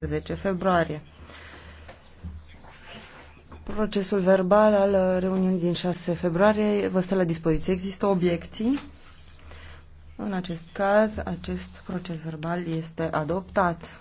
10 februarie. Procesul verbal al reuniunii din 6 februarie vă stă la dispoziție. Există obiecții? În acest caz, acest proces verbal este adoptat.